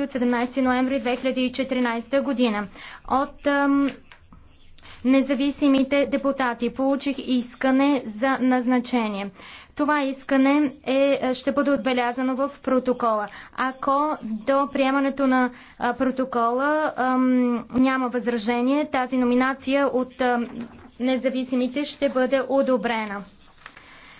от 17 ноември 2014 година. От ам, независимите депутати получих искане за назначение. Това искане е, е, ще бъде отбелязано в протокола. Ако до приемането на а, протокола ам, няма възражение, тази номинация от ам, независимите ще бъде одобрена.